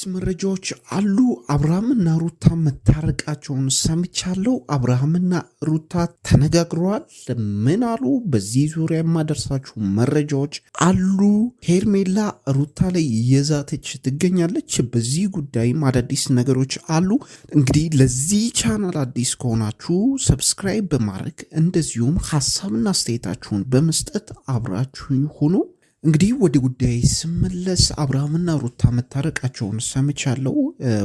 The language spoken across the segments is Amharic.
አዳዲስ መረጃዎች አሉ። አብርሃምና ሩታ መታረቃቸውን ሰምቻለሁ። አብርሃምና ሩታ ተነጋግረዋል። ምን አሉ? በዚህ ዙሪያ የማደርሳችሁ መረጃዎች አሉ። ሄርሜላ ሩታ ላይ እየዛተች ትገኛለች። በዚህ ጉዳይም አዳዲስ ነገሮች አሉ። እንግዲህ ለዚህ ቻናል አዲስ ከሆናችሁ ሰብስክራይብ በማድረግ እንደዚሁም ሀሳብና አስተያየታችሁን በመስጠት አብራችሁ ሁኑ። እንግዲህ ወደ ጉዳይ ስመለስ አብርሃምና ሩታ መታረቃቸውን ሰምቻለሁ።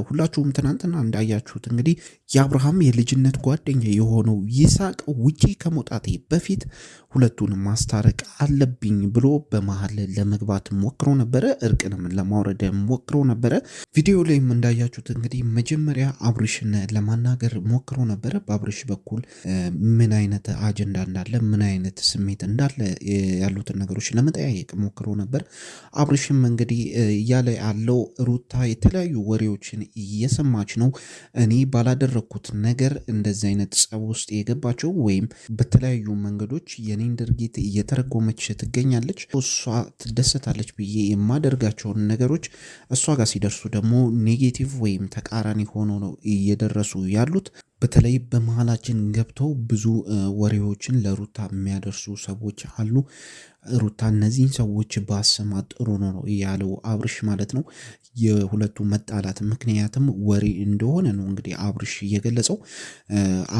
ሁላችሁም ትናንትና እንዳያችሁት እንግዲህ የአብርሃም የልጅነት ጓደኛ የሆነው ይስሐቅ ውጪ ከመውጣቴ በፊት ሁለቱንም ማስታረቅ አለብኝ ብሎ በመሀል ለመግባት ሞክሮ ነበረ። እርቅንም ለማውረድ ሞክሮ ነበረ። ቪዲዮ ላይም እንዳያችሁት እንግዲህ መጀመሪያ አብርሽን ለማናገር ሞክሮ ነበረ። በአብርሽ በኩል ምን አይነት አጀንዳ እንዳለ፣ ምን አይነት ስሜት እንዳለ ያሉትን ነገሮች ለመጠያየቅ ሞክሮ ነበር። አብርሽም እንግዲህ እያለ ያለው ሩታ የተለያዩ ወሬዎችን እየሰማች ነው። እኔ ባላደረግኩት ነገር እንደዚህ አይነት ጸብ ውስጥ የገባቸው ወይም በተለያዩ መንገዶች የኔ እኔን ድርጊት እየተረጎመች ትገኛለች። እሷ ትደሰታለች ብዬ የማደርጋቸውን ነገሮች እሷ ጋር ሲደርሱ ደግሞ ኔጌቲቭ ወይም ተቃራኒ ሆኖ ነው እየደረሱ ያሉት። በተለይ በመሃላችን ገብተው ብዙ ወሬዎችን ለሩታ የሚያደርሱ ሰዎች አሉ። ሩታ እነዚህን ሰዎች ባሰማት ጥሩ ነው ያለው አብርሽ ማለት ነው። የሁለቱ መጣላት ምክንያትም ወሬ እንደሆነ ነው እንግዲህ አብርሽ እየገለጸው።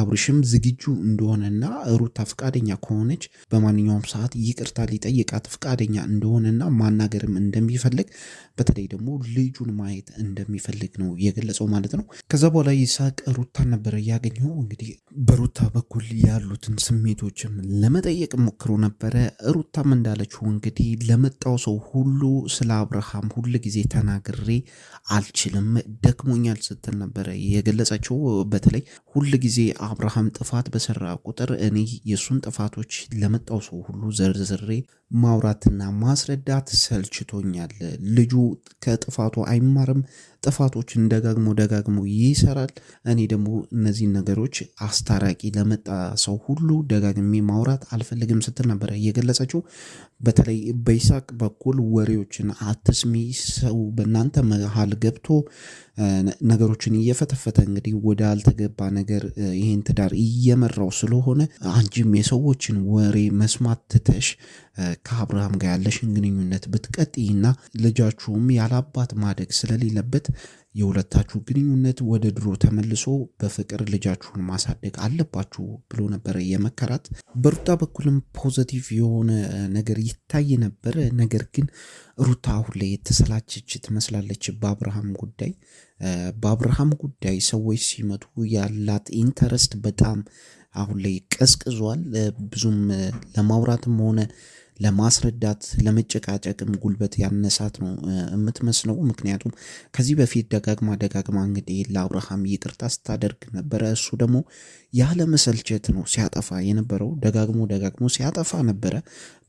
አብርሽም ዝግጁ እንደሆነና ሩታ ፈቃደኛ ከሆነች በማንኛውም ሰዓት ይቅርታ ሊጠይቃት ፍቃደኛ እንደሆነና ማናገርም እንደሚፈልግ በተለይ ደግሞ ልጁን ማየት እንደሚፈልግ ነው የገለጸው ማለት ነው። ከዛ በኋላ ይሳቅ ሩታ ነበረ ያገኘው እንግዲህ በሩታ በኩል ያሉትን ስሜቶችም ለመጠየቅ ሞክሮ ነበረ። ሩታም እንዳለችው እንግዲህ ለመጣው ሰው ሁሉ ስለ አብርሃም ሁል ጊዜ ተናግሬ አልችልም ደክሞኛል ስትል ነበረ የገለጸችው። በተለይ ሁል ጊዜ አብርሃም ጥፋት በሰራ ቁጥር እኔ የእሱን ጥፋቶች ለመጣው ሰው ሁሉ ዘርዝሬ ማውራትና ማስረዳት ሰልችቶኛል። ልጁ ከጥፋቱ አይማርም፣ ጥፋቶችን ደጋግሞ ደጋግሞ ይሰራል። እኔ ደግሞ እነዚህን ነገሮች አስታራቂ ለመጣ ሰው ሁሉ ደጋግሜ ማውራት አልፈልግም ስትል ነበረ እየገለጸችው። በተለይ በይሳቅ በኩል ወሬዎችን አትስሚ፣ ሰው በእናንተ መሀል ገብቶ ነገሮችን እየፈተፈተ እንግዲህ ወደ አልተገባ ነገር ይህን ትዳር እየመራው ስለሆነ አንቺም የሰዎችን ወሬ መስማት ትተሽ ከአብርሃም ጋር ያለሽን ግንኙነት ብትቀጥይና ልጃችሁም ያላባት ማደግ ስለሌለበት የሁለታችሁ ግንኙነት ወደ ድሮ ተመልሶ በፍቅር ልጃችሁን ማሳደግ አለባችሁ ብሎ ነበረ የመከራት። በሩታ በኩልም ፖዘቲቭ የሆነ ነገር ይታይ ነበረ። ነገር ግን ሩታ አሁን ላይ የተሰላቸች ትመስላለች በአብርሃም ጉዳይ። በአብርሃም ጉዳይ ሰዎች ሲመጡ ያላት ኢንተረስት በጣም አሁን ላይ ቀዝቅዟል። ብዙም ለማውራትም ሆነ ለማስረዳት ለመጨቃጨቅም ጉልበት ያነሳት ነው የምትመስለው። ምክንያቱም ከዚህ በፊት ደጋግማ ደጋግማ እንግዲህ ለአብርሃም ይቅርታ ስታደርግ ነበረ። እሱ ደግሞ ያለመሰልቸት ነው ሲያጠፋ የነበረው። ደጋግሞ ደጋግሞ ሲያጠፋ ነበረ።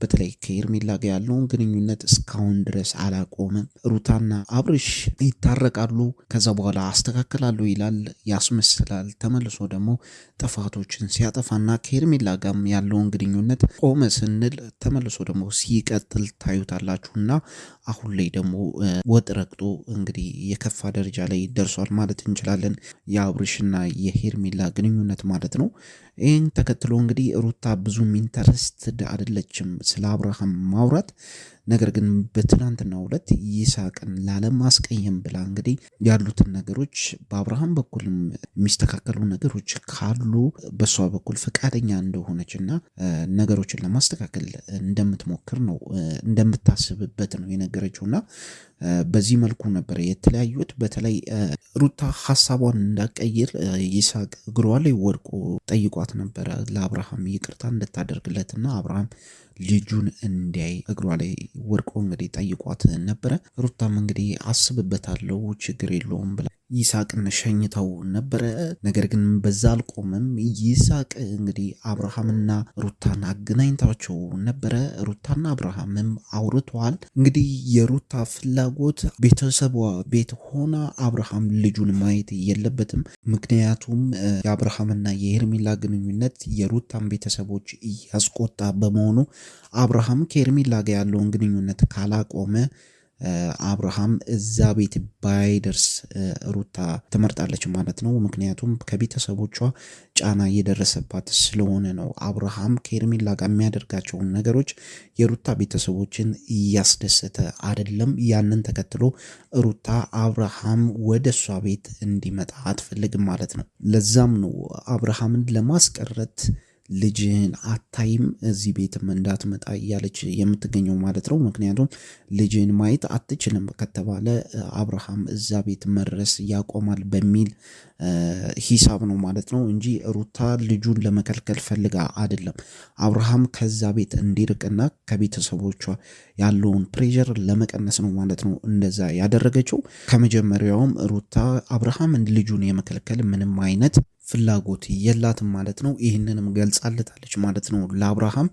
በተለይ ከኤርሜላ ጋ ያለውን ግንኙነት እስካሁን ድረስ አላቆመም። ሩታና አብርሽ ይታረቃሉ፣ ከዛ በኋላ አስተካክላሉ ይላል፣ ያስመስላል። ተመልሶ ደግሞ ጥፋቶችን ሲያጠፋና ከኤርሜላ ጋም ያለውን ግንኙነት ቆመ ስንል ተመልሶ ተመልሶ ደግሞ ሲቀጥል ታዩታላችሁ እና አሁን ላይ ደግሞ ወጥ ረግጦ እንግዲህ የከፋ ደረጃ ላይ ደርሷል ማለት እንችላለን። የአብርሽና የሄርሜላ ግንኙነት ማለት ነው። ይህን ተከትሎ እንግዲህ ሩታ ብዙም ኢንተረስትድ አይደለችም ስለ አብርሃም ማውራት። ነገር ግን በትናንትና ሁለት ይስሐቅን ላለማስቀየም ብላ እንግዲህ ያሉትን ነገሮች በአብርሃም በኩልም የሚስተካከሉ ነገሮች ካሉ በእሷ በኩል ፈቃደኛ እንደሆነች እና ነገሮችን ለማስተካከል እንደምትሞክር ነው እንደምታስብበት ነው የነገረችው እና በዚህ መልኩ ነበር የተለያዩት። በተለይ ሩታ ሀሳቧን እንዳቀይር ይሳቅ እግሯ ላይ ወድቆ ጠይቋት ነበረ ለአብርሃም ይቅርታ እንድታደርግለትና አብርሃም ልጁን እንዲያይ እግሯ ላይ ወርቆ እንግዲህ ጠይቋት ነበረ። ሩታም እንግዲህ አስብበታለው ችግር የለውም ብላ ይስሐቅን ሸኝተው ነበረ። ነገር ግን በዛ አልቆምም። ይስሐቅ እንግዲህ አብርሃምና ሩታን አገናኝታቸው ነበረ። ሩታና አብርሃምም አውርተዋል። እንግዲህ የሩታ ፍላጎት ቤተሰቧ ቤት ሆና አብርሃም ልጁን ማየት የለበትም። ምክንያቱም የአብርሃምና የሄርሜላ ግንኙነት የሩታን ቤተሰቦች እያስቆጣ በመሆኑ አብርሃም ከሄርሜላ ጋር ያለውን ግንኙነት ካላቆመ አብርሃም እዛ ቤት ባይደርስ ሩታ ትመርጣለች ማለት ነው። ምክንያቱም ከቤተሰቦቿ ጫና እየደረሰባት ስለሆነ ነው። አብርሃም ከሄርሜላ ጋር የሚያደርጋቸውን ነገሮች የሩታ ቤተሰቦችን እያስደሰተ አይደለም። ያንን ተከትሎ ሩታ አብርሃም ወደ እሷ ቤት እንዲመጣ አትፈልግም ማለት ነው። ለዛም ነው አብርሃምን ለማስቀረት ልጅህን አታይም እዚህ ቤትም እንዳትመጣ እያለች የምትገኘው ማለት ነው። ምክንያቱም ልጅህን ማየት አትችልም ከተባለ አብርሃም እዛ ቤት መድረስ ያቆማል በሚል ሂሳብ ነው ማለት ነው እንጂ ሩታ ልጁን ለመከልከል ፈልጋ አይደለም። አብርሃም ከዛ ቤት እንዲርቅና ከቤተሰቦቿ ያለውን ፕሬዠር ለመቀነስ ነው ማለት ነው እንደዛ ያደረገችው። ከመጀመሪያውም ሩታ አብርሃምን ልጁን የመከልከል ምንም አይነት ፍላጎት የላትም ማለት ነው። ይህንንም ገልጻለታለች ማለት ነው ለአብርሃም።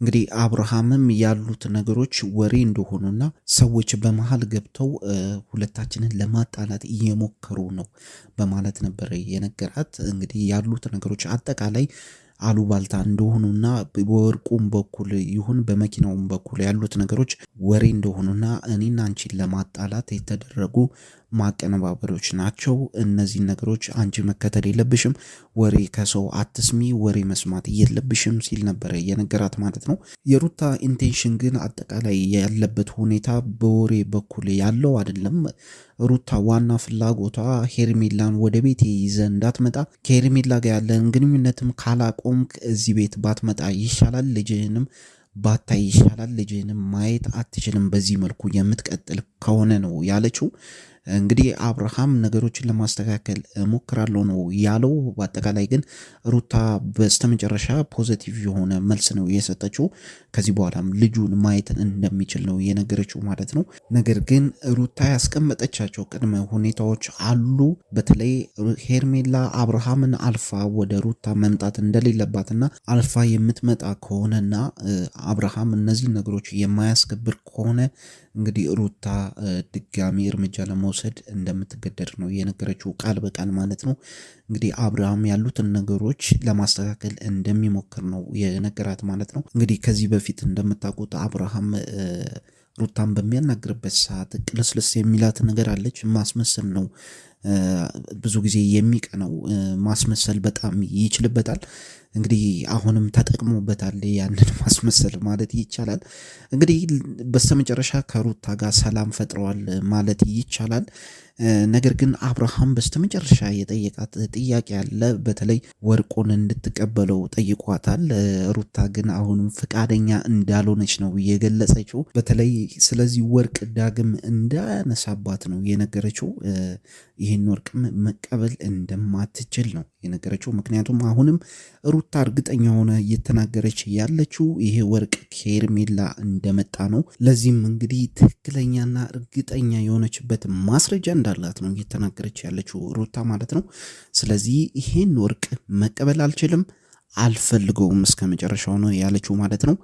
እንግዲህ አብርሃምም ያሉት ነገሮች ወሬ እንደሆኑና ሰዎች በመሀል ገብተው ሁለታችንን ለማጣላት እየሞከሩ ነው በማለት ነበር የነገራት። እንግዲህ ያሉት ነገሮች አጠቃላይ አሉባልታ እንደሆኑና በወርቁም በኩል ይሁን በመኪናውም በኩል ያሉት ነገሮች ወሬ እንደሆኑና እኔና አንቺን ለማጣላት የተደረጉ ማቀነባበሪዎች ናቸው። እነዚህን ነገሮች አንቺ መከተል የለብሽም፣ ወሬ ከሰው አትስሚ፣ ወሬ መስማት የለብሽም ሲል ነበረ የነገራት ማለት ነው። የሩታ ኢንቴንሽን ግን አጠቃላይ ያለበት ሁኔታ በወሬ በኩል ያለው አይደለም። ሩታ ዋና ፍላጎቷ ሄርሜላን ወደ ቤት ይዘ እንዳትመጣ ከሄርሜላ ጋር ያለን ግንኙነትም ካላቆምክ እዚህ ቤት ባትመጣ ይሻላል፣ ልጅህንም ባታይ ይሻላል፣ ልጅህንም ማየት አትችልም፣ በዚህ መልኩ የምትቀጥል ከሆነ ነው ያለችው። እንግዲህ አብርሃም ነገሮችን ለማስተካከል ሞክራለሁ ነው ያለው። በአጠቃላይ ግን ሩታ በስተመጨረሻ ፖዘቲቭ የሆነ መልስ ነው የሰጠችው። ከዚህ በኋላም ልጁን ማየት እንደሚችል ነው የነገረችው ማለት ነው። ነገር ግን ሩታ ያስቀመጠቻቸው ቅድመ ሁኔታዎች አሉ። በተለይ ሄርሜላ አብርሃምን አልፋ ወደ ሩታ መምጣት እንደሌለባትና አልፋ የምትመጣ ከሆነና አብርሃም እነዚህ ነገሮች የማያስከብር ከሆነ እንግዲህ ሩታ ድጋሚ እርምጃ ለመውሰድ ለመውሰድ እንደምትገደድ ነው የነገረችው ቃል በቃል ማለት ነው። እንግዲህ አብርሃም ያሉትን ነገሮች ለማስተካከል እንደሚሞክር ነው የነገራት ማለት ነው። እንግዲህ ከዚህ በፊት እንደምታውቁት አብርሃም ሩታን በሚያናግርበት ሰዓት ቅልስልስ የሚላት ነገር አለች። ማስመሰል ነው ብዙ ጊዜ የሚቀነው፣ ማስመሰል በጣም ይችልበታል። እንግዲህ አሁንም ተጠቅሞበታል ያንን ማስመሰል ማለት ይቻላል። እንግዲህ በስተመጨረሻ ከሩታ ጋር ሰላም ፈጥረዋል ማለት ይቻላል። ነገር ግን አብርሃም በስተመጨረሻ የጠየቃት ጥያቄ አለ። በተለይ ወርቁን እንድትቀበለው ጠይቋታል። ሩታ ግን አሁንም ፈቃደኛ እንዳልሆነች ነው የገለጸችው። በተለይ ስለዚህ ወርቅ ዳግም እንዳያነሳባት ነው የነገረችው። ይህን ወርቅም መቀበል እንደማትችል ነው የነገረችው። ምክንያቱም አሁንም ሩታ እርግጠኛ ሆነ እየተናገረች ያለችው ይሄ ወርቅ ከሄርሜላ እንደመጣ ነው። ለዚህም እንግዲህ ትክክለኛና እርግጠኛ የሆነችበት ማስረጃ እንዳላት ነው እየተናገረች ያለችው ሩታ ማለት ነው። ስለዚህ ይሄን ወርቅ መቀበል አልችልም አልፈልገውም እስከ መጨረሻው ነው ያለችው ማለት ነው።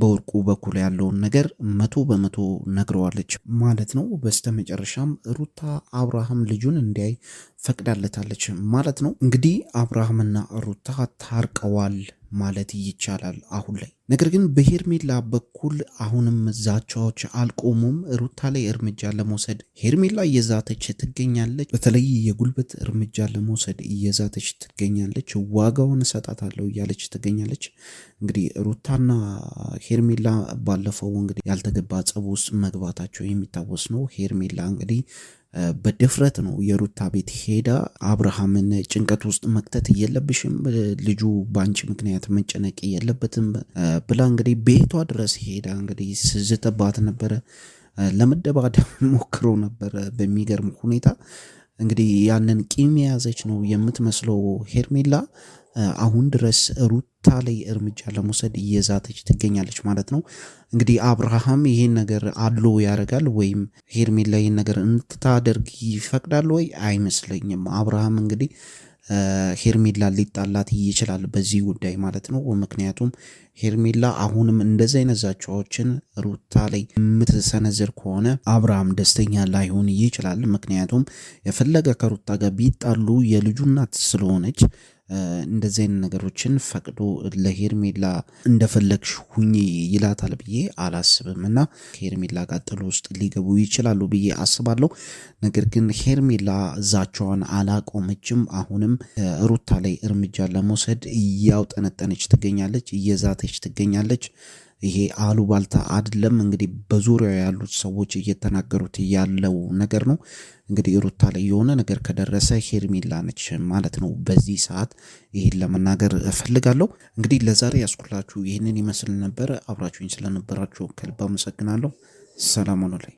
በወርቁ በኩል ያለውን ነገር መቶ በመቶ ነግረዋለች ማለት ነው። በስተመጨረሻም ሩታ አብርሃም ልጁን እንዲያይ ፈቅዳለታለች ማለት ነው። እንግዲህ አብርሃምና ሩታ ታርቀዋል ማለት ይቻላል አሁን ላይ። ነገር ግን በሄርሜላ በኩል አሁንም ዛቻዎች አልቆሙም። ሩታ ላይ እርምጃ ለመውሰድ ሄርሜላ እየዛተች ትገኛለች። በተለይ የጉልበት እርምጃ ለመውሰድ እየዛተች ትገኛለች። ዋጋውን እሰጣታለሁ እያለች ትገኛለች። እንግዲህ ሩታና ሄርሜላ ባለፈው እንግዲህ ያልተገባ ጸብ ውስጥ መግባታቸው የሚታወስ ነው። ሄርሜላ እንግዲህ በድፍረት ነው የሩታ ቤት ሄዳ አብርሃምን ጭንቀት ውስጥ መክተት የለብሽም፣ ልጁ በአንቺ ምክንያት መጨነቅ የለበትም ብላ እንግዲህ ቤቷ ድረስ ሄዳ እንግዲህ ስዝተባት ነበረ። ለመደባደብ ሞክሮ ነበረ በሚገርም ሁኔታ እንግዲህ ያንን ቂም የያዘች ነው የምትመስለው ሄርሜላ አሁን ድረስ ሩታ ላይ እርምጃ ለመውሰድ እየዛተች ትገኛለች ማለት ነው። እንግዲህ አብርሃም ይህን ነገር አሎ ያደርጋል ወይም ሄርሜላ ይህን ነገር እንድታደርግ ይፈቅዳል ወይ? አይመስለኝም። አብርሃም እንግዲህ ሄርሜላ ሊጣላት ይችላል በዚህ ጉዳይ ማለት ነው። ምክንያቱም ሄርሜላ አሁንም እንደዚህ አይነት ዛቻዎችን ሩታ ላይ የምትሰነዝር ከሆነ አብርሃም ደስተኛ ላይሆን ይችላል። ምክንያቱም የፈለገ ከሩታ ጋር ቢጣሉ የልጁ እናት ስለሆነች እንደዚህ አይነት ነገሮችን ፈቅዶ ለሄርሜላ እንደፈለግሽ ሁኝ ይላታል ብዬ አላስብም እና ከሄርሜላ ጋር ውስጥ ሊገቡ ይችላሉ ብዬ አስባለሁ። ነገር ግን ሄርሜላ እዛቸዋን አላቆመችም። አሁንም ሩታ ላይ እርምጃ ለመውሰድ እያውጠነጠነች ትገኛለች፣ እየዛተች ትገኛለች። ይሄ አሉባልታ አይደለም። እንግዲህ በዙሪያው ያሉት ሰዎች እየተናገሩት ያለው ነገር ነው። እንግዲህ ሩታ ላይ የሆነ ነገር ከደረሰ ሄርሜላ ነች ማለት ነው። በዚህ ሰዓት ይህን ለመናገር እፈልጋለሁ። እንግዲህ ለዛሬ ያስኩላችሁ ይህንን ይመስል ነበር። አብራችሁኝ ስለነበራችሁ ከልብ አመሰግናለሁ። ሰላም ሁኑ ላይ